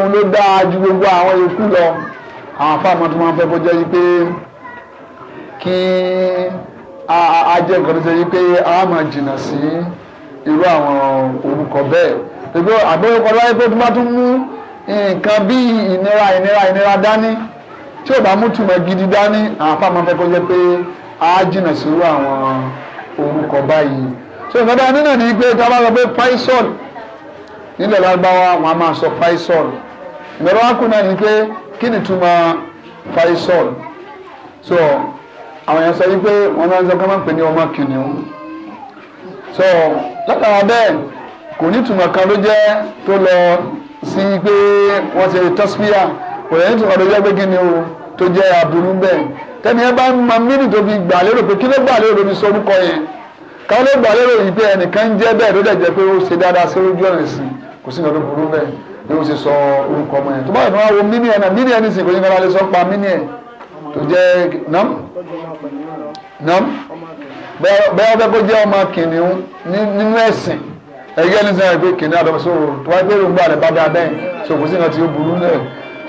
òun ló dáa ju gbogbo àwọn yòókù lọ àwọn afáàmọ́ tó máa ń fẹ́ kó jẹ́ wípé kí a jẹ́ nǹkan tó ṣe wípé a máa jìnnà sí irú àwọn orúkọ bẹ́ẹ̀ gbogbo àbẹ̀wò kan láyé pé tó bá tún mú nǹkan bíi ìnira ìnira ìnira dání tí ò bá mú túmọ̀ gidi dání àwọn afáàmọ́ fẹ́ kó jẹ́ pé a jìnnà sí irú àwọn orúkọ báyìí so nǹkan bá nínú ní pé tí a bá sọ pé Faisal nílẹ̀ lágbáwá wọn a máa sọ Faisal ìbẹ̀rù akuna kù ni pé kí ni túmọ̀ faisal so àwọn èèyàn sọ wípé wọn máa sọ kọ́mọ́ pé ní ọmọ kìnìún so látara bẹ́ẹ̀ kò ní túmọ̀ kan ló jẹ́ tó lọ sí pé wọ́n ṣe tọ́sífíà kò ní túmọ̀ ló jẹ́ pé kí ni o tó jẹ́ aburú bẹ́ẹ̀ tẹ́ni ẹ bá ń mọ mínì tó fi gbà lérò pé kí ló gbà lérò ní sorúkọ yẹn káwọn ló gbà lérò yìí pé ẹnìkan jẹ́ bẹ́ẹ̀ ló dẹ̀ jẹ́ pé ó ṣe dáadáa sí ojú ọ̀rẹ́ sí kò sí ìnáwó burú bẹ́ẹ̀ bí wọ́n ṣe sọ orúkọ ọmọ yẹn tó báyìí wọ́n á wo mímí ẹ̀ náà mímí ẹ̀ ní sìn kò ní kára lè sọ pa mímí ẹ̀ tó jẹ́ nam nam bẹ́ẹ̀ bẹ́ẹ̀ kó jẹ́ ọmọ kìnìún nínú ẹ̀sìn ẹ̀yẹ́ ní sẹ́yìn pé kìnìún àdọ́sọ tó wáyé pé òun gbà rẹ̀ bá dáadáa yìí so kò sí nǹkan tí ó burú náà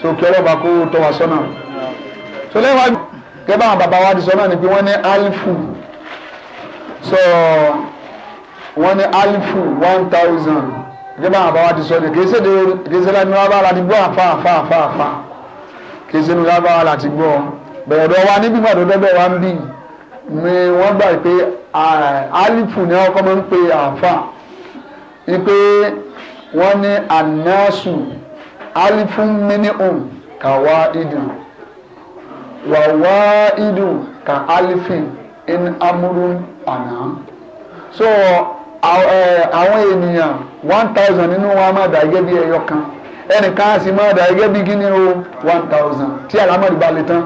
so kí ọlọ́ba kó tọ́ wa sọ́nà so lẹ́wọ̀n gẹ́gẹ́ bá àwọn bàbá wa ti sọ náà ni pé wọ́n ní alifu so wọ́n ní alifu one thousand ìjọba abawa àbáwá ti sọ de kese í ṣèdè la í ṣe lẹ́nu lábára láti gbọ́ àfa àfa àfa àfa kì í ṣe lẹ́nu lábára wa níbí gbàdọ̀ bẹ́ẹ̀ wá ń bì ni wọ́n gbà pé alifu ni wọ́n kọ́ máa ń pe àfa ni pé wọ́n ní anásù alifu mínìhùn kàwá idù wàwá idù kà alifin in amúrún ana so àwọn ènìyàn one thousand nínú wọn á máa dà gẹ́gẹ́ bí ẹyọ kan ẹnìkan á sì máa dà gẹ́gẹ́ bí kíní o one thousand tí àlámọ̀dì bá le tán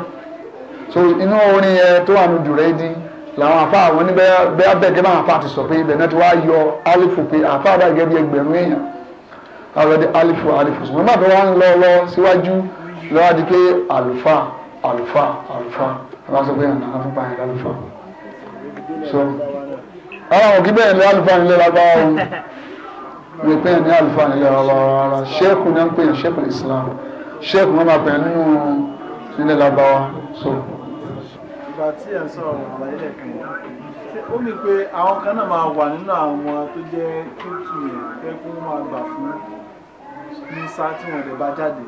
so inú orin yẹn tó wà ní jùrẹ́dì làwọn afa àwọn ní bẹ́ẹ̀ bẹ́ẹ̀ gẹ́gẹ́ bá àwọn afa ti sọ pé ibẹ̀ náà ti wá yọ alifu pé afa bá gẹ́gẹ́ bí ẹgbẹ̀rún èèyàn already alifu alifu ṣùgbọ́n bàbá wa ń lọ lọ síwájú lọ́wọ́ di pé àlùfà àlùfà àlùfà wọ́n á sọ pé àná so ọlọ́run kí bẹ́ẹ̀ ní àlùfáà nílé lágbára o ní bẹ́ẹ̀ ní àlùfáà nílé lágbára ṣẹ́ẹ̀kù náà ń pè yàn ṣẹ́ẹ̀kù Islam ṣẹ́ẹ̀kù wọn máa pè nínú nílé lágbára so. ìgbà tí ẹ̀ sọ̀rọ̀ àlàyé rẹ̀ kàn yín ó ní pé àwọn kan náà máa wà nínú àwọn tó jẹ́ kíntù yẹn fẹ́ kó máa gbà fún nísà tí wọ́n lè bá jáde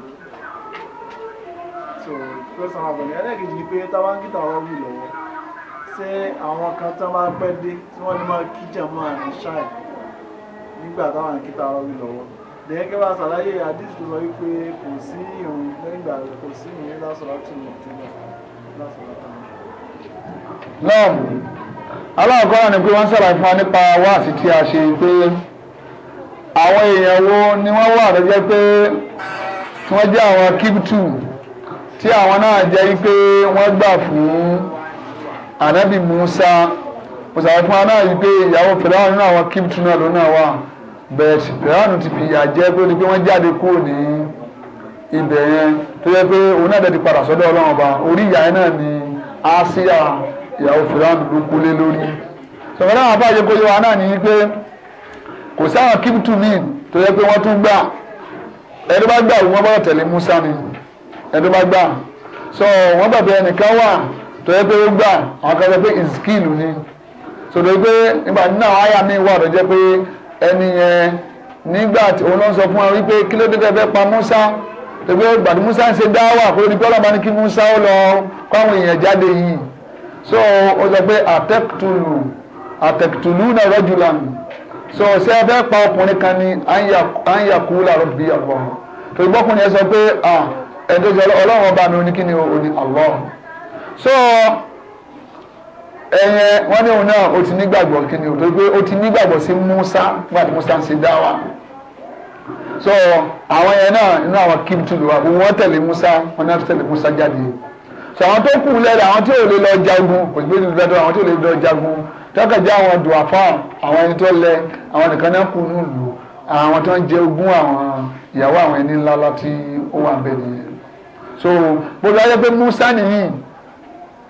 so pẹ́sàn àbọ̀nì ẹlẹ́gẹ̀ẹ́jì ni pé táwọn ń kí ṣé àwọn kan tó máa pẹ́ dé tí wọ́n ní máa kíjà máa ní ṣáì nígbà táwọn àkíta ọ̀rọ̀ lọ́wọ́ lẹ́yìn kí wọ́n ṣàlàyé àdìs tó sọ wípé kò sí ìrùn lẹ́yìngbà kò sí ìrìn lásọ̀rọ̀ tó lọ tẹ́lẹ̀ lásọ̀rọ̀ tó lọ. náà aláàkọ́rọ̀ ni pé wọ́n ṣàlàyé fún wa nípa wáàsí tí a ṣe pé àwọn èèyàn wo ni wọ́n wà tó pé wọ́n jẹ́ àwọn kíbtù tí àwọn náà jẹ́ pé wọ́n gbà fún ànábì Musa Musa fún wa náà yìí pé ìyàwó fìlànà nínú àwọn kíntù náà lónà wà bẹ́ẹ̀ fìlànà ti fi ìyà jẹ pé pé wọ́n jáde kúrò ní ibẹ̀ yẹn tó yẹ pé òun náà dẹ̀ti padà sọ́dọ̀ Ọlọ́run ọba orí ìyá yẹn náà ni Asia ìyàwó fìlànà ló kúlé lórí sọ̀rọ̀ àwọn abáyé kó yẹ wa náà nìyí pé kò sáwọn kíntù míì tó yẹ pé wọ́n tún gbà ẹni bá gbà wọ́n bá tẹ̀lé Musa ni ẹni bá gbà so wọ́n bàbá ẹnìkan wà tó yẹ pé ó gbà àwọn kan sọ pé ìsìkìlù ni sọdọ̀ pé nígbà náà àyà mi wà tó jẹ́ pé ẹni yẹn nígbà tí òun lọ sọ fún wa wípé kí ló dé tẹ́ fẹ́ pa Musa tó pé gbàdú Musa ń ṣe dáwà kó lórí pé ọlọ́ba ní kí Musa ó lọ kó àwọn èèyàn jáde yìí so ó sọ pé àtẹ́kùtùlù àtẹ̀kùtùlù náà rọ́jùlá nù so ṣé ẹ fẹ́ pa ọkùnrin kan ní àyàkú làárọ̀ bí ọ̀pọ̀ tó gbọ́kùnrin yẹn sọ pé ah, ẹ̀ẹ́dẹ́jọ́ ọlọ́run ọba mi ò ní kí ni ò ní Allah so ẹyẹ eh, wọn ní òun náà o ti nígbàgbọ́ kíni o tó gbé o ti nígbàgbọ́ sí Musa nígbà tí Musa ń ṣe dá wa so àwọn yẹn náà inú àwọn kim tù lù wá gbogbo wọn tẹ̀lé Musa wọn náà tẹ̀lé Musa jáde so àwọn tó kù lẹ́rẹ̀ àwọn tí ò lè lọ jagun kò sí pé ìlú lẹ́dọ̀ àwọn tí ò lè lọ jagun tọ́kàjá àwọn dùwà fáwọn àwọn ẹni tó lẹ àwọn nìkan náà kù nílùú àwọn tó ń jẹ ogún àwọn ìyàwó àwọn ẹni ńlá láti ó wà bẹ́ẹ̀ nìyẹn so bó lọ́ọ́ yẹ pé Musa nìyí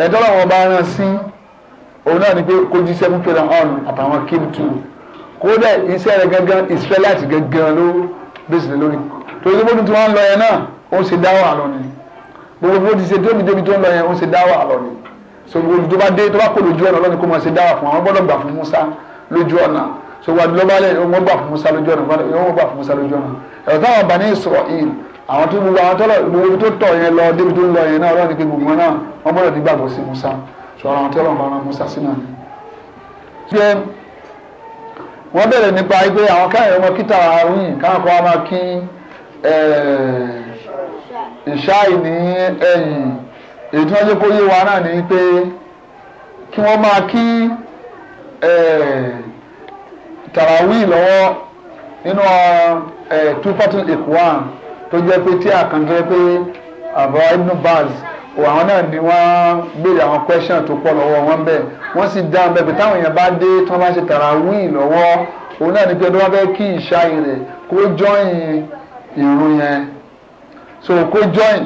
ẹ̀tọ́ làwọn ọba rán sí òun náà ni pé kó jí sẹ́fún fẹ́ràn ọ̀nù àtàwọn kíntù kódà iṣẹ́ rẹ̀ gangan israelite gangan ló bẹ́sẹ̀ lórí torí gbogbo tí wọ́n ń lọ yẹn náà ó ń ṣe dáwà lọ ni gbogbo bó ti ṣe tóbi débi tó ń lọ yẹn ó ń ṣe dáwà lọ ni so gbogbo tó bá dé tó bá kó lójú ọ̀nà lọ́ni kó máa ṣe dáwà fún àwọn gbọ́dọ̀ gbà fún Musa lójú ọ̀nà so wà lọ́balẹ̀ wọ́n gbà fún Musa lójú ọ̀nà wọ́n gbà fún Musa lójú ọ̀nà ẹ̀rọ táwọn bá ní Israel àwọn tó gbogbo àwọn tọ́lọ̀ gbogbo tó tọ̀ yẹn lọ débi tó ń lọ yẹn náà ọlọ́run ní gbogbo Musa sọ̀rọ̀ àwọn tọ́lọ̀ máa Musa sí náà ni. ṣé wọ́n bẹ̀rẹ̀ nípa pé àwọn káyọ̀ ọmọ kíta káwọn máa kí ìṣáì ní ẹ̀yìn èyí tí wọ́n jẹ́ kó yé wa náà ni pé kí wọ́n máa kí tàràwí tó jẹ́ pé tí àkàndé pé àbá ibn baz àwọn náà ni wọ́n béèrè àwọn question tó pọ̀ lọ́wọ́ wọn bẹ́ẹ̀ wọ́n sì dáhùn bẹ́ẹ̀ pé táwọn èèyàn bá dé tí wọ́n bá ṣe tàràwíì lọ́wọ́ òun náà ni pé ọdún wọn fẹ́ kí ìṣá rẹ̀ kó jọ́yìn ìrun yẹn so kó jọ́yìn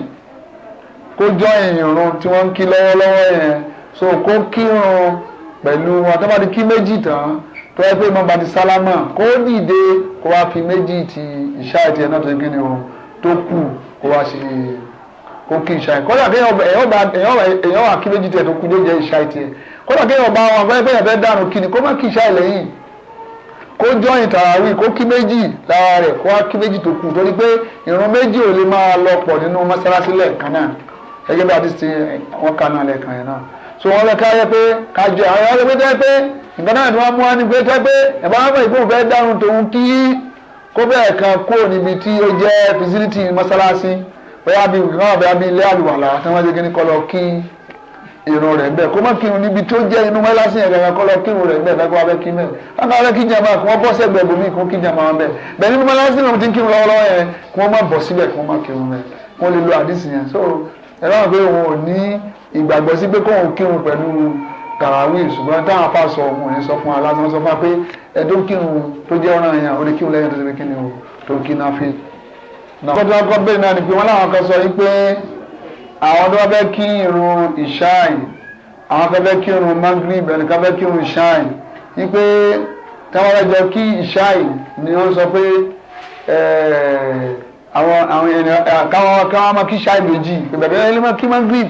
kó jọ́yìn ìrun tí wọ́n ń kí lọ́wọ́lọ́wọ́ yẹn so kó kírun pẹ̀lú wọn tó bá ti kí méjì tán tó yẹ pé mọ̀ bá ti sálámà kó dìde kó wá fi méjì ti ìṣá ìtì náà tó ń kí ni o tó kù kó wá ṣe kó kí ìṣá yẹn kódà kéèyàn ọba èèyàn wà kí méjì tiẹ̀ tó kù yóò jẹ́ ìṣá tiẹ̀ kódà kéèyàn ọba àwọn afẹ́fẹ́ yẹn fẹ́ dànù kí ni kó má kí ìṣá yẹn lẹ́yìn kó jọyìn tàràwí kó kí méjì lára rẹ̀ kó wá kí méjì tó kù torí pé ìrun méjì ò lè máa lọ pọ̀ nínú mọ́sálásí lẹ́ẹ̀kan náà gẹ́gẹ́ bí àdìsí wọn kan lẹ́ẹ̀kan yẹn náà so wọn lọ káyọ pé kájọ àwọn ọlọ́pàá tẹ pé nǹkan náà ni wọn mú wa ní pé tẹ pé ẹ̀bá wọn fẹ́ ìgbóhùn fẹ́ dárun tòun kí kó bẹ́ẹ̀ kan kúrò níbi tí ó jẹ́ fisiliti mọ́sálásí bóyá bíi náà bóyá bíi ilé àlùwàlà tí wọ́n ti kí ni kọlọ kí irun rẹ̀ bẹ́ẹ̀ kó má kírun níbi tó jẹ́ inú mọ́sálásí yẹn kankan kọlọ kírun rẹ̀ bẹ́ẹ̀ fẹ́ẹ́ wá kí mẹ́ẹ̀ káwọn abẹ́ kí jàmbá kí wọ́n bọ́ sẹ́gbẹ̀ẹ́ bòmí kí wọ́n kí jàmbá wọn bẹ́ẹ̀ bẹ́ẹ̀ nínú mọ́sálásí náà ti ń kírun lọ́wọ́lọ́wọ́ yẹn kí má bọ̀ síbẹ̀ kí wọ́n má kírun rẹ̀ wọ́n lè lo àdìsí yẹn so ẹ̀rọ àwọn pé òun ò ní ìgbàgbọ́ sí pé kóun kírun pẹ̀lú tàràwí ṣùgbọ́n táwọn afa sọ òun ní sọ fún aláṣọ sọ fún wa pé ẹdún kírun tó jẹ́ ọ̀ràn yẹn àwọn oníkírun lẹ́yìn tó ti fi kí ni o tó kí náà fi. kọ́tà kọ́ bẹ́ẹ̀ náà ni pé wọ́n láwọn kan sọ yìí pé àwọn tó bá fẹ́ kí irun ìṣáì àwọn kan fẹ́ kí irun magrib ẹnì kan fẹ́ kí irun ìṣáì yìí pé táwọn ẹjọ kí ìṣáì ni wọ́n sọ pé àwọn àwọn ènìyàn káwọn káwọn máa kí ìṣáì méjì ìgbàgbọ́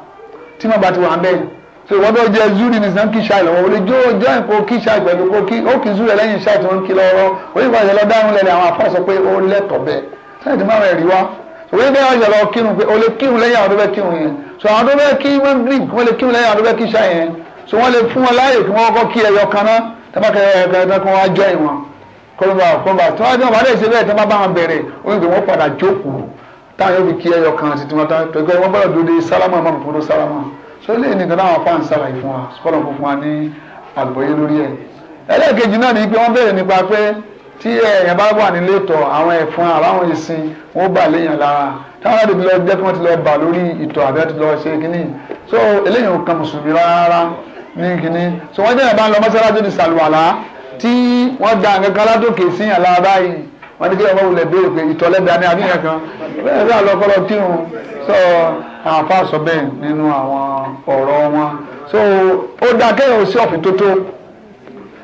tí màá bá ti wà ń bẹ́ẹ̀ so ìwọ́n tó jẹ zuri ní sàn kí ṣáì lọ́wọ́ olè jó jẹ́ nǹkan kí ṣáì pẹ̀lú kó kí ó kì í zuri lẹ́yìn ṣáì tí wọ́n ń kí lọ́wọ́ orí ìwà ìṣẹ̀lẹ̀ dáhùn lẹ́nu àwọn afọ́ sọ pé ó lẹ́tọ̀ bẹ́ẹ̀ sáì tí máa rẹ̀ rí wá òwe bẹ́ẹ̀ wá ìṣẹ̀lẹ̀ kírun pé olè kírun lẹ́yìn àwọn tó fẹ́ kírun yẹn so àwọn tó fẹ́ kí wọ́n drink wọ́n lè kírun lẹ́yìn àwọn tó fẹ́ kí ṣáì yẹn so wọ́n lè fún wọn láàyè kí wọ́n kọ́ kí ẹyọ kan náà tẹ́bàkẹ́ ẹ̀ẹ́dẹ́gbẹ́ kan wá jọ ìwọ̀n kọ́ńbà kọ́ńbà tí táwọn yóò fi kí ẹyọ kan àti tiwọn tán pẹ̀lú wọn gbọ́dọ̀ dúró de sálámà máa fún un sálámà so lè nìkan náà wọn fáwọn sára ìfún wa sọlọ fún fún wa ní àgbọ́yé lórí ẹ̀ ẹlẹ́ẹ̀kejì náà ni pé wọ́n bẹ̀rẹ̀ nípa pé tí eh, èèyàn bá wà nílé tọ̀ àwọn ẹ̀fọn àbáwọn ìsìn wọn ó bà léèyàn lára táwọn àdè lọ jẹ́ kí wọ́n ti lọ bà lórí ìtọ̀ àbí kínní so eléyìí ò kan mùsùlùmí so wọ́n jẹ́ ìyàbá ń lọ mọ́sálásí ti sàlùwàlá tí wọ́n da wọ́n ní kí ọmọ wulẹ̀ béèrè pé ìtọ́lẹ́gbẹ̀ẹ́ ní àníyàn kan bẹ́ẹ̀ sá lọ fọlọ́ kírun sọ àfa sọ bẹ́ẹ̀ nínú àwọn ọ̀rọ̀ wọn so ó dá kéèyàn ó sí ọ̀fìn tótó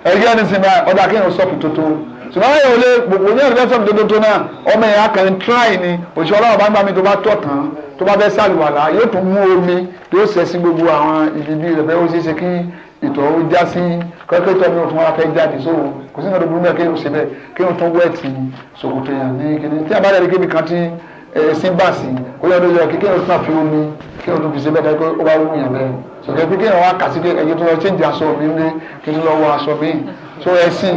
ẹ̀yẹ́ ní sinmi ó dá kéèyàn ó sí ọ̀fìn tótó ṣùgbọ́n ayé òde gbogbo ní ẹ̀rọ sọ̀rọ̀ tótó náà ọmọ ẹ̀yà kan tíráì ni òṣìṣẹ́ ọlọ́run bá ń gbà mí tó bá tọ̀ tán tó bá fẹ́ sàlùwàlà yóò tún mú omi yóò sẹ́ gbogbo àwọn ìdíbí rẹ̀ fẹ́ ó ṣeé ṣe kí ìtọ̀ ó já sí kọ́kẹ́ tọ́ mi ò fún wa fẹ́ jáde so kò sí nǹkan tó burú mẹ́ kéwọn ṣe bẹ́ẹ̀ kéwọn tó wẹ́ẹ̀tì ṣòkòtò yàn ní kíní tí a bá dẹ̀ kébi kan tí ẹ̀sìn bá sí ó yẹ lóyọ kí kéwọn tún fi omi kéwọn tún fi ṣe bẹ́ẹ̀ kó wá wù yàn bẹ́ẹ̀ sọ̀kẹ́ pé kéwọn wá kà sí pé ẹ̀yẹ tó lọ ṣéǹjì aṣọ mi ní kí tó lọ wọ aṣọ mi so ẹ̀sìn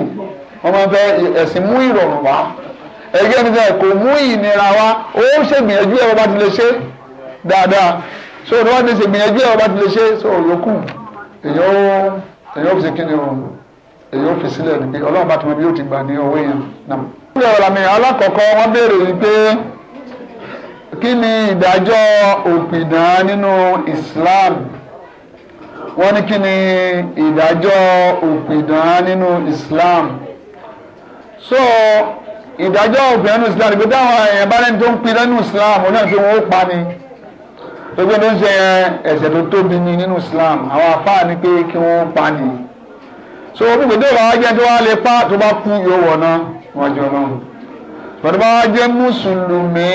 wọ́n máa fẹ́ ẹ̀sìn mú ìrọ̀rùn wá ẹ̀yẹ́ ni bẹ́ẹ̀ kò mú ìnira wá ó ṣègbìyànjú ẹ̀rọ bá ti lè ṣe dáadáa so ìrọ̀rùn ti ṣègbìyànjú ẹ̀rọ bá ti lè ṣe so yòókù èyàn ó fi kíni o èyàn ó fi sílẹ̀ ni pé ọlọ́run bá ti mọ bí yóò ti gbà ní owó yẹn náà. ìwé ọ̀rọ̀ alákọ̀ọ́kọ́ wọ́n béèrè wípé kí ni ìdájọ́ òpìdán nínú Islam wọ́n ní kí ni ìdájọ́ òpìdán nínú Islam so ìdájọ́ òpìdán nínú Islam ìgbé táwọn èèyàn bá lẹ́ni tó ń pidán nínú Islam ó náà fi ó pa ni gbogbo ní ṣe ẹ̀ṣẹ̀ tó tóbi ni nínú Islam àwọn afáà ni pé kí wọ́n pa ni so gbogbo tó bá jẹ́ tó wá lè pa tó bá kú yóò wọ̀ náà wọ́n jọ náà tọ́tù bá jẹ́ mùsùlùmí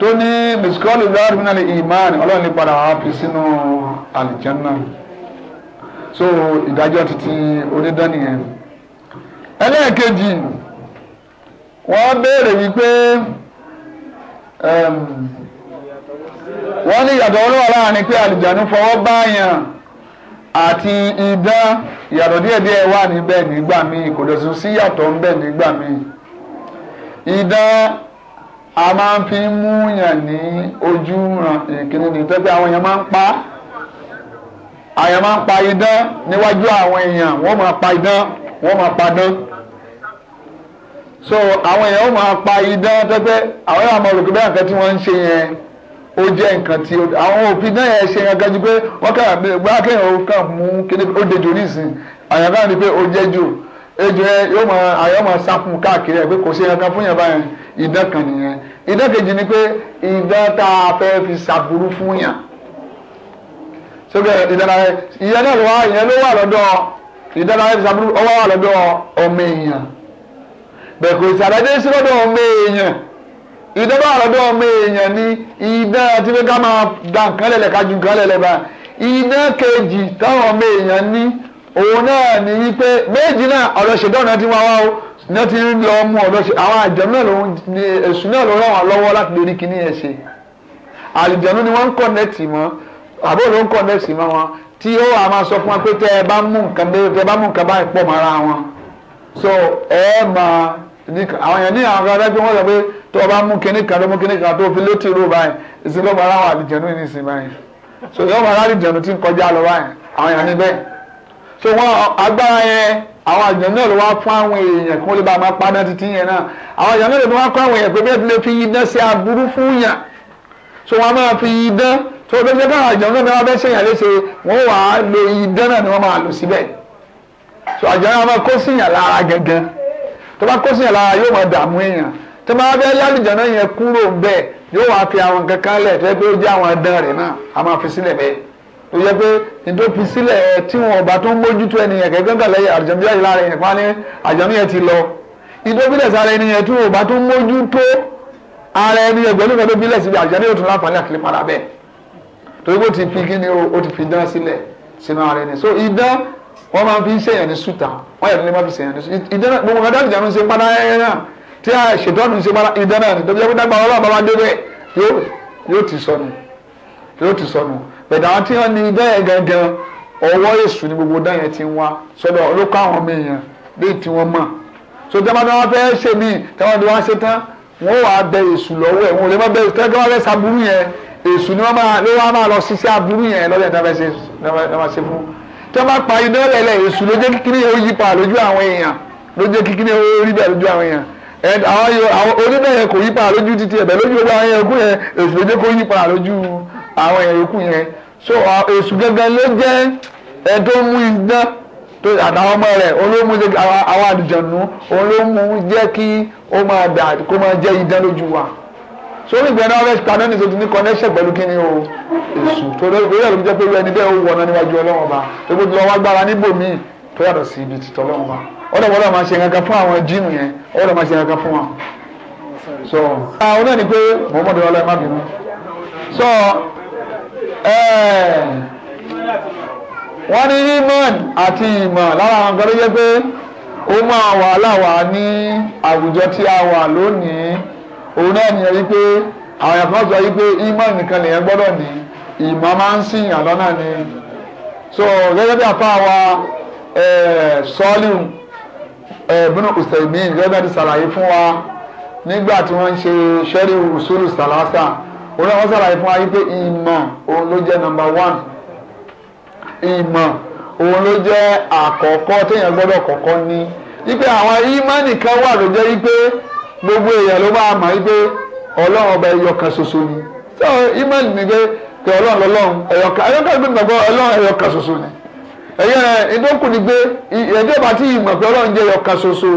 tó ní mùsùlùmí lọ́wọ́ nínú àlè ìmáàni ọlọ́run lè padà wá fi sínú àlìjánná so ìdájọ́ títí onídánìyẹn ẹlẹ́ẹ̀kejì wọ́n béèrè wípé wọ́n ní ìyàtọ̀ olówó láàrin pé àlìjánu fọwọ́ báyàn àti idán ìyàtọ̀ díẹ̀díẹ̀ wà níbẹ̀ nígbà míì kò lọ sí yàtọ̀ ńbẹ̀ nígbà míì idán a máa ń fi mú yàn ní ojú ran ìkíni ní tẹ́gbẹ́ àwọn èèyàn máa ń pa àyàn máa ń pa idán níwájú àwọn èèyàn wọ́n máa pa idán wọ́n máa pa dán so àwọn èèyàn ó máa pa idán tẹ́gbẹ́ àwọn èèyàn máa rò pé tí wọ́n ń ṣe yẹn ó jẹ́ nǹkan tí àwọn òfin náà yẹn ṣe yangan ju pé wọ́n kà gbá kéèyàn ó kàn mú o ó dejò nísìn àyàn kan ni pé ó jẹ́ jò ejò yẹn yóò mọ àyàn ka sáfún káàkiri ẹ̀ pé kò ṣe yangan fún yàn báyẹn ìdán kan nìyẹn ìdán kejì ni pé ìdán tá a fẹ́ fi ṣàbùrú fún yàn sókè ìdán ìyẹn náà ló wà ìyẹn ló wà lọ́dọ̀ ìdán fi ṣàbùrú ìdọ́gba àrọ́dọ́ ọmọ èèyàn ni idán àti pé ká máa da nǹkan lẹ̀lẹ̀ ká ju nǹkan lẹ̀lẹ̀ bá idán kejì táwọn ọmọ èèyàn ní òun náà ní wípé méjì náà ọ̀rọ̀ ṣèdán náà ti wá wá o náà ti ń lọ mú ọ̀rọ̀ ṣe àwọn àjẹmú náà lòun ní èṣù náà ló ràn wọ́n lọ́wọ́ láti lè kíní yẹn ṣe àlìjẹ̀nu ni wọ́n ń kọ̀nẹ́tì mọ́ àbó ló ń kọ̀nẹ́tì mọ́ wọn tí ó wà máa sọ fún wa pé tẹ́ ẹ bá mú nǹkan bẹ́ẹ̀ tẹ́ ẹ bá mú nǹkan báyìí pọ̀ mọ́ra wọn so ẹ máa ní àwọn èèyàn ní àwọn kan tó o bá mú kinní kan tó mú kinní kan tó o fi létí irú báyìí ìsìn ló máa ráwọn àlìjẹnu ní ìsìn báyìí so yóò máa ráàlìjẹnu tí ń kọjá lọ báyìí àwọn èèyàn ní so wọn agbára yẹn àwọn àjẹnu náà ló wá fún àwọn èèyàn kí wọ́n lè bá máa pa náà títí yẹn náà àwọn àjẹnu náà ló wá fún àwọn èèyàn pé bẹ́ẹ̀ ti lè fi iná sí aburú fún yàn so wọn máa fi iná tó o bẹ́ẹ̀ káwọn àjẹnu náà wọ́n bẹ́ẹ̀ sèyàn léṣe wọ́n wà á lo iná náà ni wọ́n máa lò síbẹ̀ so àjẹnu náà máa kó síyàn lára gẹ́gẹ́ tó bá kó síyàn lára yóò máa dààmú èèyàn tó máa fẹ́ lálùjọ náà yẹn kúrò bẹ́ẹ̀ yóò wá fi àwọn kankan lẹ̀ tó yẹ pé ó jẹ́ àwọn adán rẹ̀ náà a máa fi sílẹ̀ bẹ́ẹ̀ tó yẹ pé nítorí fi sílẹ̀ tí wọn ọba tó ń mójútó ẹnìyẹn kẹ́kẹ́ gbà lẹ́yìn àjọmí yẹn lára yẹn pání àjọmí yẹn ti lọ nítorí bílẹ̀ sára ẹnìyẹn tí wọn ọba tó ń mójútó ara ẹnìyẹn pẹ̀lú pẹ̀lú bílẹ̀ síbi àjọmí yóò tún láǹfààní àkìlẹ̀ padà bẹ́ẹ̀ torí bó ti fi kíni o ti fi dán sílẹ̀ sínú ara ẹni so idán wọ́n máa fi ń ṣèyàn ní sùtà wọ́n yàtọ̀ ní wọ́n fi ṣèyàn ní sùtà idán gbogbo tí a ṣètọ́nù ṣe máa ìdán náà ni tọ́jú ẹgbẹ́ ọlọ́run bá wá dé bẹ́ẹ̀ yóò ti sọnù yóò ti sọnù bẹ̀dẹ̀ àwọn tí wọ́n ní ìdán yẹn gangan ọwọ́ èṣù ni gbogbo dán yẹn ti wá sọ́dọ̀ olókọ́ àwọn ọmọ èèyàn léyìí tí wọ́n mọ̀ so tẹ́wọ́n fẹ́ ṣe mí tẹ́wọ́n ti wá ṣe tán wọ́n wàá bẹ èṣù lọ́wọ́ ẹ̀ wọ́n lè má bẹ èṣù tẹ́wọ́n fẹ́ ṣàbúrú yẹn èṣù ni wọ́n máa ló wá máa lọ ṣiṣẹ́ aburú yẹn lọ́dẹ̀ náà fẹ́ ṣe fún tí wọ́n bá pa iná lẹ̀lẹ̀ èṣù ló jẹ́ àwọn oníbẹ̀yẹn kò yípa lójú títí ẹ̀bẹ̀ lójú gbogbo àwọn ẹ̀kú yẹn èṣù ló jẹ́ kó yípa lójú àwọn ẹ̀yàn yòókù yẹn so èṣù gangan ló jẹ́ ẹ̀ tó mú iná tó àtàwọn ọmọ rẹ̀ òun ló mú àwọn àdìjànú òun ló mú jẹ́ kí ó máa dà kó máa jẹ́ idán lójú wa so olùgbẹ́ náà rẹ̀ ta lẹ́nu ìṣòtún ní connection pẹ̀lú kí ni o èṣù tó lórí ìgbéyàwó ló jẹ́ pé ẹni bẹ́ẹ̀ ó wọ̀nà níwájú ọlọ́run ọba tó gbogbo ọwọ́ agbára níbòmíì tó yàtọ̀ sí ibi títọ́ ọlọ́run ọ̀dọ̀ wọ́n lọ́ọ́ máa ṣe nǹkan fún àwọn jíìmù yẹn ọ̀dọ̀ lọ́ọ́ máa ṣe nǹkan fún wọn. so àwọn ah, náà ni pé Muhammadu ọlọ́ ẹ má bínú. so wọ́n ní iman àti ìmọ̀ lára àwọn nǹkan ló jẹ́ pé ó máa wà láwà ní àwùjọ tí a wà lónìí òun náà nìyẹn wípé àwọn èèyàn sọ wípé iman nìkan lèèyàn gbọ́dọ̀ ní ìmọ̀ máa ń sìn yàn lọ́nà ni so gẹ́gẹ́ bí àfa wa sọ́ọ́lì ẹ̀ẹ́dùn eh, ọ̀sẹ̀mí gẹ́gẹ́ ti ṣàlàyé fún wa nígbà tí wọ́n ń ṣe ṣẹ́rí usulu sàlásà òun náà wọ́n ṣàlàyé fún wa yí pé ìmọ̀ òun ló jẹ́ nọ́mbà one ìmọ̀ òun ló jẹ́ àkọ́kọ́ téèyàn gbọ́dọ̀ kọ́kọ́ ní wípé àwọn ìmánì kan wà ló jẹ́ wípé gbogbo èèyàn ló máa mọ̀ wípé ọlọ́run ọba ẹyọ kan ṣoṣo ni so ìmánì ni pé ọlọ́run lọ́lọ́run ẹyọ kan ẹyọ ẹ̀yẹ́ ìdókù ni pé bá ti mọ̀ pé ọlọ́run jẹ́ ọ̀kan ṣoṣo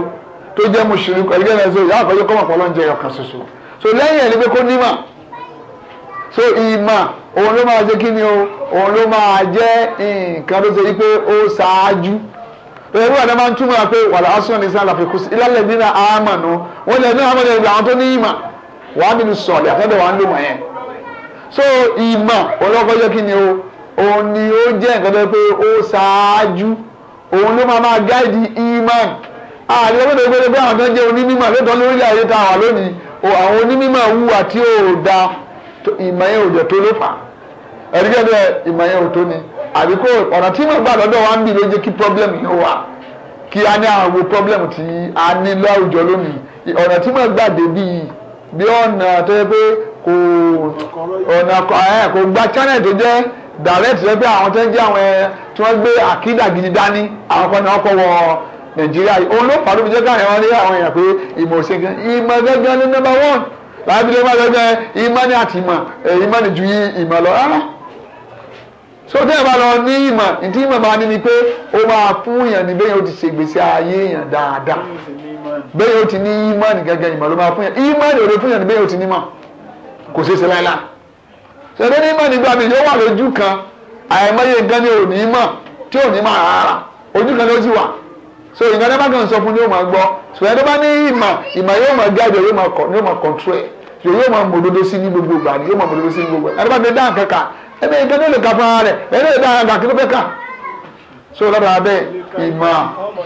tó jẹ́ mùsùlùmí ẹ̀jẹ̀ rẹ̀ ṣe ìyá àkọ́jọ́ kọ́mọ̀ pé ọlọ́run jẹ́ ṣoṣo so lẹ́yìn ẹ̀ ni pé kó nímà so ìmà òun ló máa jẹ́ kí ni o òun ló máa jẹ́ nǹkan tó ṣe yí pé ó ṣáájú ẹ̀rú àdá máa ń túmọ̀ pé wàlá asúnà ní sí ilé àmà nù lè ní àmà lè gbà àwọn tó ní ìmà wàá so ìmà jẹ́ kí ni òun ni ó jẹ́ nǹkan tó yẹ pé ó ṣáájú òun ló máa máa gáìdì iman àti ọgbẹ́ tó gbẹ́dẹ́ pé àwọn tó jẹ́ onímọ̀ tó tán lórí ayé tá a wà lónìí àwọn onímọ̀ wúwa tí ó da ìmọ̀ yẹn ò jẹ́ tó ló fà ẹ̀rígẹ́dẹ́ ìmọ̀ yẹn ò tó ni àbí kó ọ̀nà tí mo gbà lọ́dọ̀ wa ń bì ló jẹ́ kí problem yẹn wà kí a ní àwọn problem tí a ní láwùjọ lónìí ọ̀nà tí mo gbà dé bí ọ̀nà tó yẹ pé kò ọ̀nà kò gbà channel tó jẹ́ direct rẹ pé àwọn tó ń jẹ́ àwọn ẹ tí wọ́n gbé àkídà gidi dání àwọn kan ní wọ́n kọ́ wọ nàìjíríà yìí òun ló fà á lóbi jẹ́ káyọ̀ wọn rí àwọn èèyàn pé ìmọ̀ òsè gan ìmọ̀ gángan ní number one láti lè má gángan ìmọ̀ ni àti ìmọ̀ ìmọ̀ ni ju ìmọ̀ lọ rárá so tẹ́ ẹ bá lọ ní ìmọ̀ ìdí ìmọ̀ máa ní ni pé ó máa fún èèyàn ní bẹ́ẹ̀ yóò ti ṣègbésí ayé èèyàn dáadáa bẹ́ẹ̀ yóò ti ní ìmọ̀ ní gángan ìmọ̀ ló máa fún èèyàn ìmọ̀ ni òde fún èèyàn ní bẹ́ẹ̀ yóò ti ní mọ̀ kò ṣeé ṣe láíláí ṣèlú ní mọ̀ nígbà mi yóò wà lójú kan àìmọye nǹkan ni òní mọ̀ tí òní mọ̀ rárá ojú kan ló ti wà so ìgbà tó bá kàn sọ fún ni ó máa gbọ́ ṣùgbọ́n tó bá ní ìmọ̀ ìmọ̀ yóò máa gáàdì yóò máa kọ̀ yóò máa control ẹ̀ yóò máa mòdodo sí ní gbogbo ìgbà ni yóò máa mòdodo sí ní gbogbo ìgbà ni bá fi dáhùn kẹ́kà ẹ̀mí nǹkan ló lè ka fún ara rẹ̀ ẹ̀mí so lọ́dọ̀ abẹ́ ìmọ̀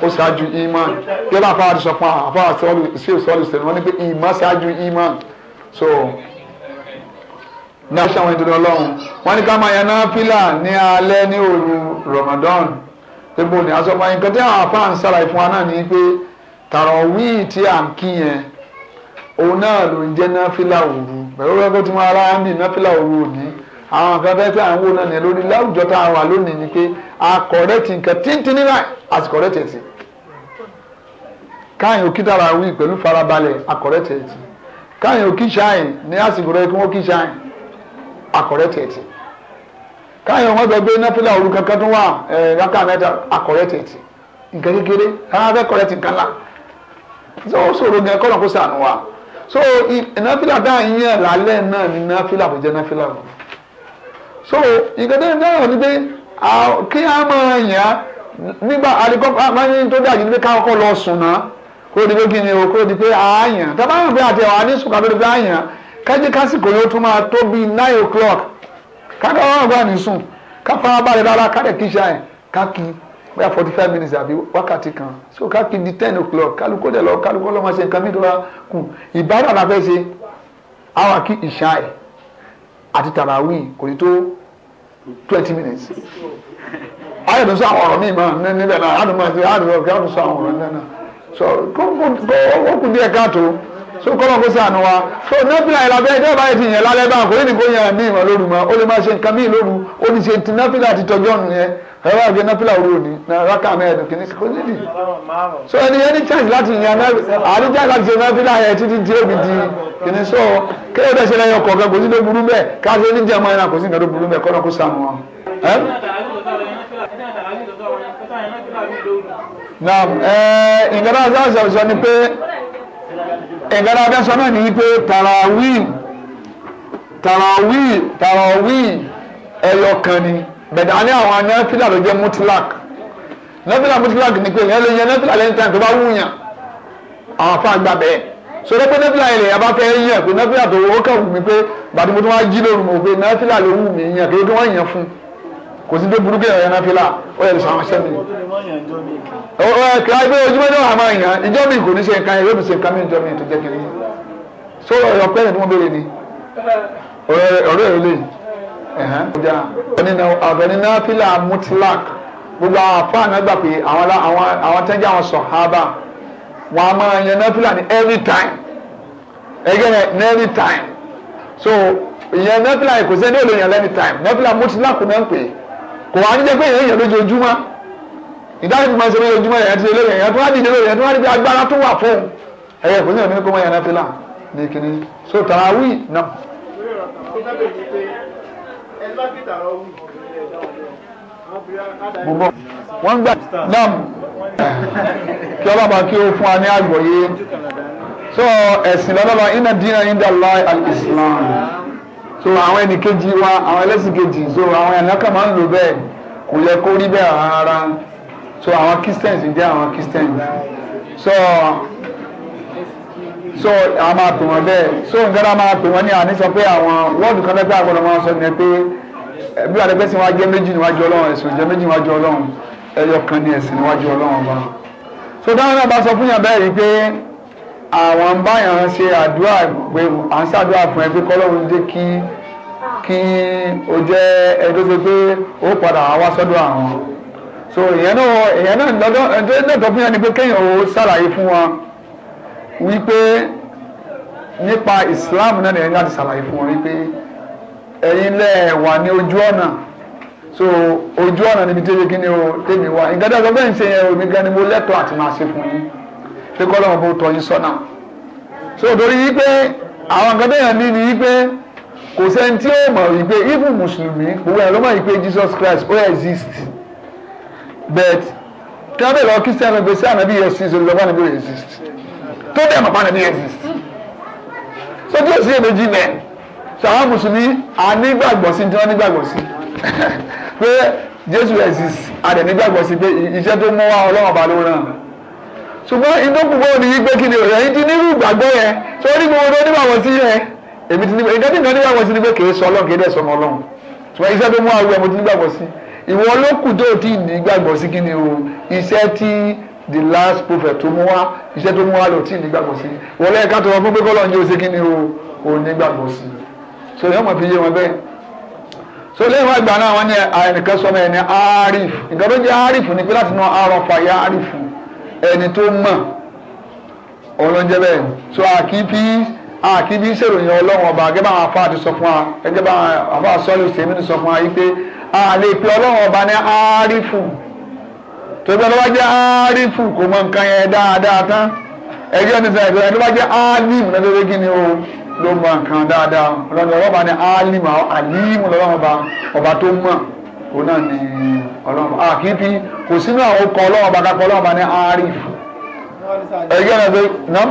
ó ṣáájú ìmọ̀ yóò bá fọwọ́ sọ fún àwọn àfọwọ́ sọ́ọ́lù sí òṣùwọ́lù sẹ́nu wọ́n ní pé ìmọ̀ ṣáájú ìmọ̀ so ní àwọn ìṣàwọn ìdúró ọlọ́run wọ́n ní ká máa yan náfìlà ní alẹ́ ní òru Ramadan tẹ́gbó ni àsọpọ̀ nǹkan tí àwọn afáàn ṣàlàyé fún wa náà ni pé tàràwíì tí à ń kí yẹn òun náà ló ń jẹ́ náfìlà òru pẹ̀lú rẹ́pẹ́ tí wọ́n ara ń bì náfìlà òru òní àwọn nǹkan fẹ́ tí à ń wò náà nìyẹn lórí láwùjọ tá a wà lónìí ni pé a kọ̀rẹ́tì nǹkan tíntín nílà àti kọ̀rẹ́tì ẹ̀sìn káyìn òkí tàràwíì pẹ̀lú farabalẹ̀ àkọ̀rẹ́tì ẹ̀sìn káyìn òkí ṣáìn ní àsìkò rẹ̀ kí wọ́n kí ṣáìn àkọ̀rẹ́ tẹ̀tì káyọ̀ wọn gbẹgbẹ náfìlà òru kankan tó wà ẹ̀ rákà mẹ́ta àkọ̀rẹ́ tẹ̀tì nǹkan kékeré rárá fẹ́ kọ̀rẹ́ tì nǹkan lá so sọ̀rọ̀ gan kọ́nà kó sànù wa so náfìlà táà ń yàn lálẹ́ náà ni náfìlà kò jẹ́ náfìlà mọ́ so nǹkan tó ń dáhùn ni pé kí á máa yàn nígbà àdìkọ́kọ́ máa ń tó dájú ni pé ká kọ́kọ́ lọ sùn náà kó o di pé kí ni o kó o di pé àáyàn tàbí àyàn pé àtẹ̀wá ní sùn ká tó di pé àyàn kẹ́jẹ́ kásìkò yóò tún máa tó bíi nine o'clock káká wọn àgbà nìsùn káfara balẹ̀ rárá kádẹ̀ kí ṣáà ẹ̀ káàkì bóyá forty five minutes àbí wákàtí kan so káàkì di ten o'clock kálukó dẹ̀ lọ kálukó lọ́ máa ṣe nǹkan mi tó bá kù ìbára la fẹ́ ṣe àwọn àkí ìṣáà àti tàràwí kò ní tó twenty minutes ayé tó sọ àwọn ọ̀rọ̀ míì máa níbẹ̀ náà àdùnmọ̀ àti àdùnmọ̀ àti àdùnmọ̀ sọ àwọn ọ̀rọ̀ náà so kó kó kó kó kú díẹ̀ káàtó so kọ́lọ̀ kó sànù wa so nọ́fìlà yẹn labẹ́ ẹjọ́ báyìí ti yẹn lálẹ́ bá kò ní kó yẹn mí ìmọ̀ lóru mọ́ ó lè má ṣe nǹkan mí lóru ó ti ṣe ti nọ́fìlà ti tọjọ́ nù yẹn ẹ̀rọ àgbẹ̀ nọ́fìlà òru òní na rákà mẹ́ẹ̀ẹ́dùn kìíní kò ní dì so ẹni yẹn ní chance láti yàn àríjà láti ṣe nọ́fìlà yẹn títí di èmi di kìíní so kéwòn bẹ́ẹ̀ ṣe lẹ́yìn ọkọ̀ kan kò sí ló burú bẹ́ẹ̀ káṣí oníjẹ mọ́ ẹ̀ràn kò sí nǹkan tó burú bẹ́ẹ̀ kọ́lọ́ kó sànù wa. naam ẹ ǹkan náà sọ àṣà òṣìṣẹ́ ni pé ẹ̀ka tá a fẹ́ sọ náà ní pé tarawih tarawih tarawih ẹyọ kan ni bẹ̀dẹ̀ a ní àwọn anẹ́fílà ló jẹ́ mutlak nẹ́fílà mutlak ni pé ìyẹn lè yẹ nẹ́fílà lẹ́yìn táyà tó bá wúyàn àwọn afá gbà bẹ́ẹ̀ so dẹ́pẹ́ nẹ́fílà yẹn lèyàn bá fẹ́ yàn pé nẹ́fílà tó wọ́n wù mí pé bàtí mo tún wá jí lóru mo pé nẹ́fílà ló wù mí yàn kí ló tún wá yàn fún un kò sí dé burúkú ẹ̀rọ náfìlà ó yẹ lè sọ àwọn iṣẹ́ mi. kí á gbé ojúmọ́ náà àmọ́ èèyàn ìjọ mi kò ní ṣe nǹkan yóò fi ṣe nǹkan mi ìjọ mi tó jẹ́ kiri so ọ̀rọ̀ pẹ́ẹ́nì tí wọ́n béèrè ni ọ̀rọ̀ èrò lè ọjà ọ̀dọ̀ni náfìlà mutlak gbogbo àwọn àfáà náà gbà pé àwọn tẹ́jọ́ àwọn sọ̀hábà wọn a máa yan náfìlà ní every time again ní every time so ìyẹn náfìlà kò sẹ́ni èlò yẹn lẹ́ni time náfìlà mutlak náà pè é kò wá ní jẹ́ pé èèyàn èèyàn lójoojúmọ́ ìdáhùn máa ń ṣe lójoojúmọ́ èèyàn ti lélẹ̀ èèyàn tó wá dìde lórí èèyàn tó wá dìde agbára tó wà fún ẹ̀yẹ kò ní ìrìn kó mọ èèyàn náfìlà ní kíní so tàràwí náà. mo bọ́ wọ́n gbà náà kí ọlọ́ba kí ó fún wa ní àgbọ́yé so ẹ̀sìn lọ́lọ́ba iná dínà ìdá láì alìsílámù so àwọn ẹnì kejì wa àwọn ẹlẹ́sìn kejì so àwọn ẹ̀nà kan máa ń lò bẹ́ẹ̀ kò yẹ kó rí bẹ́ẹ̀ rárá so àwọn christians jẹ́ àwọn christians so so àwọn máa pè wọ́n bẹ́ẹ̀ so nǹkan náà máa pè wọ́n ní àní sọ pé àwọn wọ́ọ̀dù kan lẹ́gbẹ́ àgbọ̀dọ̀ máa sọ nìyẹn pé bí wàá dẹ́gbẹ́sì wọn jẹ́ méjì níwájú ọlọ́run ẹ̀sùn jẹ́ méjì níwájú ọlọ́run ẹyọ kan ní ẹ̀sìn níwájú ọlọ́run ọba so dáhùn náà bá sọ fún yàn bẹ́ẹ̀ yìí pé àwọn báyàn ṣe àdúrà pé à ń ṣàdúrà fún ẹ pé jẹ́ kí kí o jẹ́ ẹjọ́ tó pé ó padà wá sọ́dọ̀ àwọn so ìyẹn náà ìyẹn náà lọ́dọ̀ ẹjọ́ náà tó fún yẹn ni pé kéèyàn ó ṣàlàyé fún wọn wípé nípa Islam náà nìyẹn láti ṣàlàyé fún wọn wípé ẹ̀yin lẹ wà ní ojú ọ̀nà so ojú ọ̀nà níbi tí ni o wá bẹ́ẹ̀ ń ni mo lẹ́tọ̀ọ́ àti máa ṣe fún pé kọ́lọ́ wọn bó tọ́ yín sọ́nà so torí wípé àwọn nǹkan bẹ́ẹ̀ ní ni wípé kò sẹ́ni tí ó mọ̀ wípé even mùsùlùmí gbogbo ẹ̀ ló mọ̀ wípé Jesus Christ ó exist but tí wọ́n bẹ̀ lọ Christian ló gbé sí ànábì exist olùdókòwò ànábì exist tó dẹ̀ mọ̀ pa exist so tí ó sì èméjì bẹ́ẹ̀ so àwọn mùsùlùmí anígbàgbọ́ sí tí wọ́n nígbàgbọ́ sí pé Jésù exist adẹ̀ nígbàgbọ́ sí pé iṣẹ́ tó mú wá Ọlọ́run ọba ló ṣùgbọ́n ìdókùnbọ̀ ni yí pé kí ni o ẹ̀yin ti nírú ìgbàgbọ́ yẹn tó ní gbogbo tó níbàwọ̀ sí yẹn èmi ti níbàwọ̀ ìdájọ́ kan níbàwọ̀ sí ni pé kìí sọ ọlọ́run kìí dẹ̀ sọmọ ọlọ́run ṣùgbọ́n iṣẹ́ tó mú àwọn ọmọ ti nígbàgbọ́ sí ìwọ olókùn tó ti ní gbàgbọ́ sí kí ni o iṣẹ́ tí the last prophet tó mú wá iṣẹ́ tó mú wá lò tí ní gbàgbọ́ sí wọlé ẹ̀ka tó wọn fún pé o ṣe kí o ò ní gbàgbọ́ sí so ìyá ọmọ fi yé wọn bẹ́ẹ̀ so lẹ́yìn wá gbà náà wọ́n ní ẹnìkan sọmọ ẹ̀ ní arif nǹkan tó jẹ́ arif ni pé láti ná arọ́fà yá arif ẹni tó mọ̀ ọlọ́njẹ́ bẹ́ẹ̀ so àkíbí àkíbí ṣèròyìn ọlọ́run ọba gẹ́gẹ́ bá àwọn afá ti sọ fún wa gẹ́gẹ́ bá àwọn afá sọ́ọ́lù sèmi ti sọ fún wa yìí pé àlè pé ọlọ́run ọba ní àárífù tóbi ọlọ́wà jẹ́ àárífù kò mọ nǹkan yẹn dáadáa tán ẹjọ́ ní sọ ìgbéra ẹjọ́ jẹ́ àálìmù náà lórí kíni o ló mọ nǹkan dáadáa ọlọ́run ọba ní àálìmù àlìmù ọba ọba tó mọ̀ òun náà ni ọlọ́run a kì í fi kò sínú àwọn ọkọ̀ ọlọ́run bá kápọ̀ ọlọ́run bá ní arif ẹgbẹ́ náà pé nà.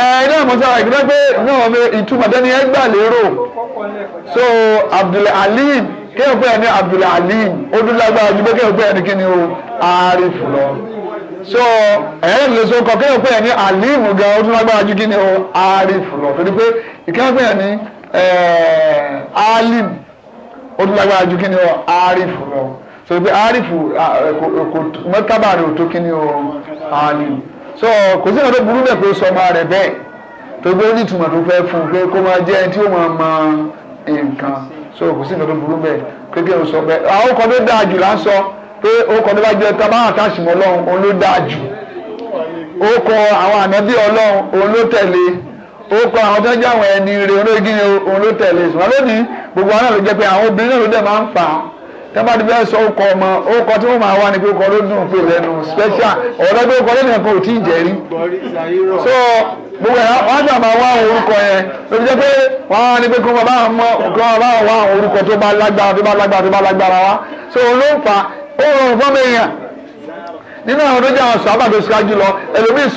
ẹ náà mo sára ìgbẹ́ pé náà mi ìtumọ̀ tẹ́ni ẹ gbà lérò so Abdul Halim kéèyàn pé ẹni Abdul Alim ó dún lágbára ju pé kéèyàn pé ẹni kí ni o arif lọ so ẹ̀yẹ́ lè so kọ kéèyàn pé ẹni Halim gan ó dún lágbára ju kí ni o arif lọ torí pé ìkéèyàn pé ẹni Halim ó tún lágbára ju kíni o àárífù lọ so pé àárífù mọ́tábà rẹ̀ ò tó kíni o àálìmù so kò sí ìrànlọ́ burú bẹ́ẹ̀ pé ó sọ ọmọ rẹ̀ bẹ́ẹ̀ tó gbé ní ìtumọ̀ tó fẹ́ fún un pé kó máa jẹ́ tí ó máa mọ nǹkan so kò sí ìrànlọ́ burú bẹ́ẹ̀ kékeré ó sọ bẹ́ẹ̀ àwọn ọkọ̀ tó dáa jù là ń sọ pé orúkọ tó bá jẹ tábà àtàṣì mọ́ ọlọ́run òun ló dáa jù orúkọ àwọn ànábì ọlọ́run òun ló tẹ̀lé ó kọ àwọn tó ń jẹ́ àwọn ẹni rè olóògì ni òun ló tẹ̀lé ṣùgbọ́n lónìí gbogbo àwọn náà ló jẹ́ pé àwọn obìnrin náà ló dẹ̀ máa ń fà á tẹ́lá ti fẹ́ sọ ọkọ̀ ọmọ ọkọ̀ tí wọ́n máa wá ni pé ọkọ̀ ló dùn pé lẹ́nu special ọ̀rọ̀ pé ọkọ̀ lẹ́nu ẹ̀kan ò tí ì jẹ́rí. so gbogbo ẹ̀ wọ́n á máa wá àwọn orúkọ yẹn ló fi jẹ́ pé wọ́n á ní pé kó máa bá wọn àwọn tó bá lágbára tó bá lágbára tó bá lágbára wá so ló ń fa ó rọrùn fún mẹ́yìn nínú àwọn tó jẹ́ àwọn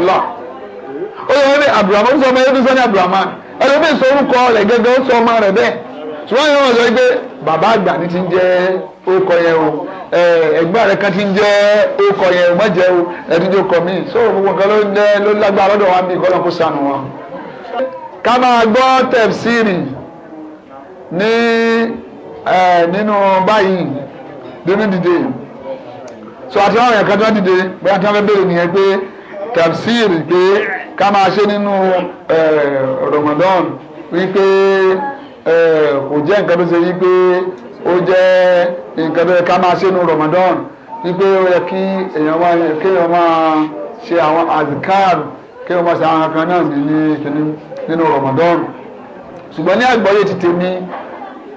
sọ ó yẹ wọ́n ní abdulhamid ó sọ ọmọ yẹn tó sọ ní abdulhamid ẹlòmíì sọ orúkọ rẹ̀ gẹ́gẹ́ ó sọ ọmọ rẹ̀ bẹ́ẹ̀ ṣùgbọ́n yẹn wọ́n sọ pé bàbá àgbà ni ti ń jẹ́ orúkọ yẹn o ẹ̀gbọ́n rẹ̀ kan ti ń jẹ́ orúkọ yẹn o mọ̀jẹ̀ o ẹ̀dí tó kọ̀ mí so gbogbo nǹkan ló ń jẹ́ ló lágbára lọ́dọ̀ wa bí kọ́lọ́ kó wọn. ká máa gbọ́ tẹ̀síìrì ní nínú báyìí dínú dìde so àti àwọn èèyàn kan tó dìde bóyá tí wọ́n fẹ́ béèrè nìyẹn pé tẹ̀síìrì pé ká máa ṣe nínú Ramadan wípé kò jẹ́ nǹkan tó ṣe wípé ó jẹ́ nǹkan tó yẹ ká máa ṣe nínú Ramadan wípé ó yẹ kí èèyàn máa kí èèyàn máa ṣe àwọn azikar kí èèyàn máa ṣe àwọn kan náà ní nínú Ramadan ṣùgbọ́n ní àgbọ́yé ti tèmi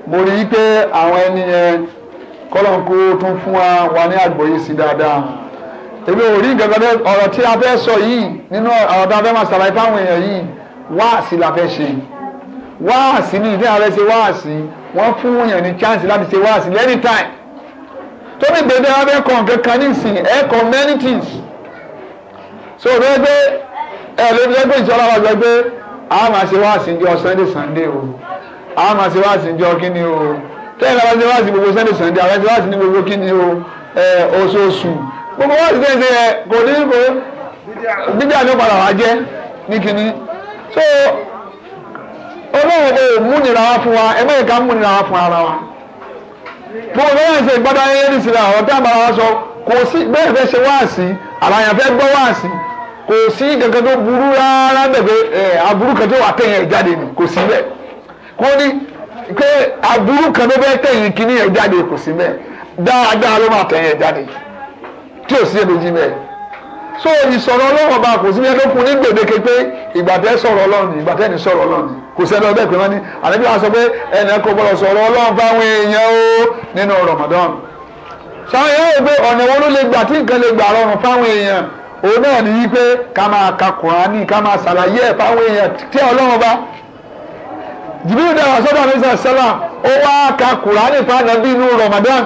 mo rí i pé àwọn ẹni yẹn kọ́lọ́n kó tún fún wa ní àgbọ́yé sí dáadáa èmi ò rí nǹkan kan ọ̀rọ̀ tí a fẹ́ sọ yìí nínú ọ̀rọ̀ tí a fẹ́ máa ṣàlàyé fáwọn èèyàn yìí wáàsí la fẹ́ ṣe wáàsí ní ìdí ààrẹ ṣe wáàsí wọ́n fún èèyàn ní chance láti ṣe wáàsí anytime tóbi gbèdé abẹ́ kan kankan ẹ̀ kọ́ many things so ọ̀rẹ́ gbé ẹ̀ lóbi lẹ́gbẹ́ ìṣọ́ra wa gbẹ gbé a máa ṣe wáàsí jọ sunday sunday o a máa ṣe wáàsí jọ kíni o tẹ́lẹ̀ a ṣe wáàsí gbogbo sunday sunday a máa ṣe wáàsí ní gbogbo kíni o ẹ̀ oṣooṣù. gbogbo wọ́n ti tẹ̀sẹ̀ yẹ kò ní kò dídá ní padà wá so múnira fún wa ẹgbẹ́ ìka múnira fún ara wa gbogbo bẹ́ẹ̀ ń ṣe ìgbádá yẹn ní sílẹ̀ àwọn tí a sọ kò sí bẹ́ẹ̀ fẹ́ ṣe wáàsí àlàyé fẹ́ gbọ́ wáàsí kò sí kankan tó burú rárá bẹ̀bẹ̀ aburú kan tó wà tẹ̀yìn ẹ̀ jáde kò sí bẹ́ẹ̀ kò ní pé aburú kan tó bẹ́ẹ̀ tẹ̀yìn kò sí bẹ́ẹ̀ dáadáa ló máa tẹ̀yìn tí ò sí èméjì mẹ́ẹ̀. so ìsọ̀rọ̀ ọlọ́run ọba kò sí ní ẹni kún ní gbèdéke pé ìgbà tẹ́ sọ̀rọ̀ ọlọ́run ìgbà tẹ́ ní sọ̀rọ̀ ọlọ́run kò sẹ́ni ọbẹ̀ pé wọ́n ní àdébí wa sọ pé ẹnì kò gbọ́dọ̀ sọ̀rọ̀ ọlọ́run fáwọn èèyàn o nínú Ramadan. sáwọn èèyàn wò pé ọ̀nà wo ló lè gbà tí nǹkan lè gbà rọrùn fáwọn èèyàn òun náà ní wípé ká máa ka Kùránì ká máa ṣàlàyé ẹ̀ fáwọn èèyàn tí ọlọ́run bá Jibril dára sọ́dọ̀ àmì sàlám ó wá ka Kùránì fáwọn àbí inú Ramadan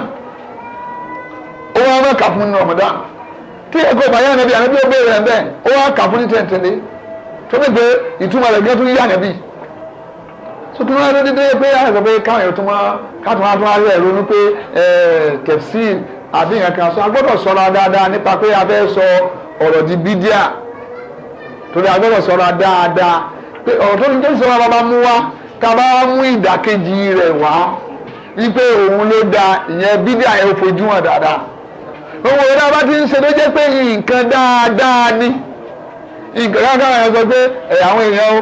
ó wá rán kà fún Ramadan tí ẹ̀kọ́ bá yá nàbí ànábì ó béèrè ẹ̀ bẹ́ẹ̀ ó wá kà fún ní tẹ̀ntẹ̀lé tó ní pé ìtumọ̀ rẹ̀ gẹ́gẹ́ tó yá nàbí sotuma ló dé dé pé àyẹ̀sọ̀ pé káwọn èèyàn tó máa káàtó máa tó máa rẹ̀ ronú pé tẹ̀síìl àbí nǹkan kan sọ a gbọ́dọ̀ sọ̀rọ̀ dáadáa nípa pé a sọ ọ̀rọ̀ di bídíà torí a gbọ́dọ̀ dáadáa pé ọ̀rọ̀ tó ń jẹ́ bàbá mú wa ká bá mú ìdàkejì rẹ̀ wá wípé òun ló da ìyẹn bídíà yẹn ó fojú hàn dáadáa owó ìdá bá ti ń ṣe ló jẹ́ pé nǹkan dáadáa ni nǹkan kankan yẹn sọ pé àwọn èèyàn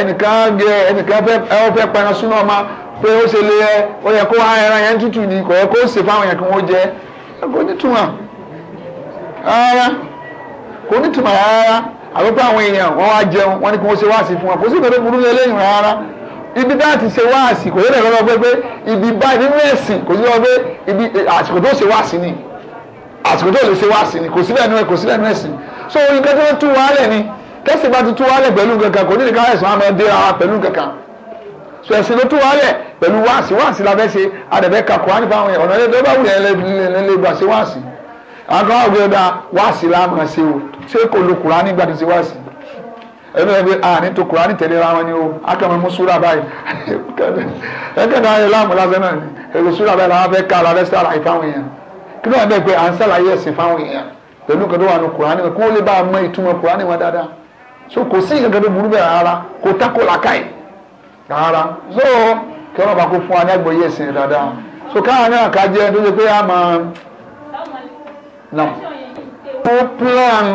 ẹnìkan gé ẹnìkan fẹ́ pẹran súná ọmọ pé ó ṣe lé ẹ ó yẹ kó wá ẹran yẹn tútù ni kò yẹ kó ṣe fáwọn yẹn kí wọ́n jẹ kò ní túmọ̀ rárá kò ní túmọ̀ rárá àbúkọ àwọn èèyàn wọ́n wá jẹun wọ́n ní kí wọ́n ṣe wáàsí fún wọn kò sí ìgbẹ́dọ̀ burú eléyìí rárá ibi tá a ti ṣe wáàsí kò yẹ lẹ́ẹ̀kan lọ́wọ́ pé ibi báyìí nínú ẹ̀sìn kò sí lọ́wọ́ pé ibi àsìkò tó ṣe wáàsí nìyí àsìkò tó lè ṣe wá sí ni kò síbẹ̀ nú ẹ̀ kò síbẹ̀ nú ẹ̀ sí so nǹkan tó ń tú wálẹ̀ ni kẹ́sì bá ti tú wálẹ̀ pẹ̀lú kankan kò ní nìkan ẹ̀sùn àmọ́ dé ara pẹ̀lú kankan so ẹ̀sìn ló tú wálẹ̀ pẹ̀lú wáàsí wáàsí la fẹ́ ṣe àdẹ̀bẹ́ kakọ wá nípa àwọn ọ̀nà ẹ̀dọ́ bá wùlẹ̀ lè gbà o ṣé kò lo kùránì gbàdúrà sí wáàsí ẹnu ẹgbẹ àní tó kùránì tẹ̀lé ra wọn ni o akẹ́mọ mú súrà báyìí ẹ̀kẹ́ náà yẹ láàmú lásán náà ẹ̀rọ súrà báyìí làwọn fẹ́ ká la fẹ́ sára ìfáwọn yẹn kí ló wà bẹ́ẹ̀ pé à ń sàlàyé ẹ̀sìn fáwọn èèyàn pẹ̀lú nǹkan tó wà ní kùránì wọn kí wọ́n lè bá a mọ ìtumọ̀ kùránì wọn dáadáa so kò sí nǹkan tó burú bẹ́ẹ̀ rárá kò tako làkàì rárá so kí wọ́n bá kó fún wa ní àgbọ́yé ẹ̀sìn dáadáa so káwọn náà ká jẹ́ tó ṣe pé a máa. ó plan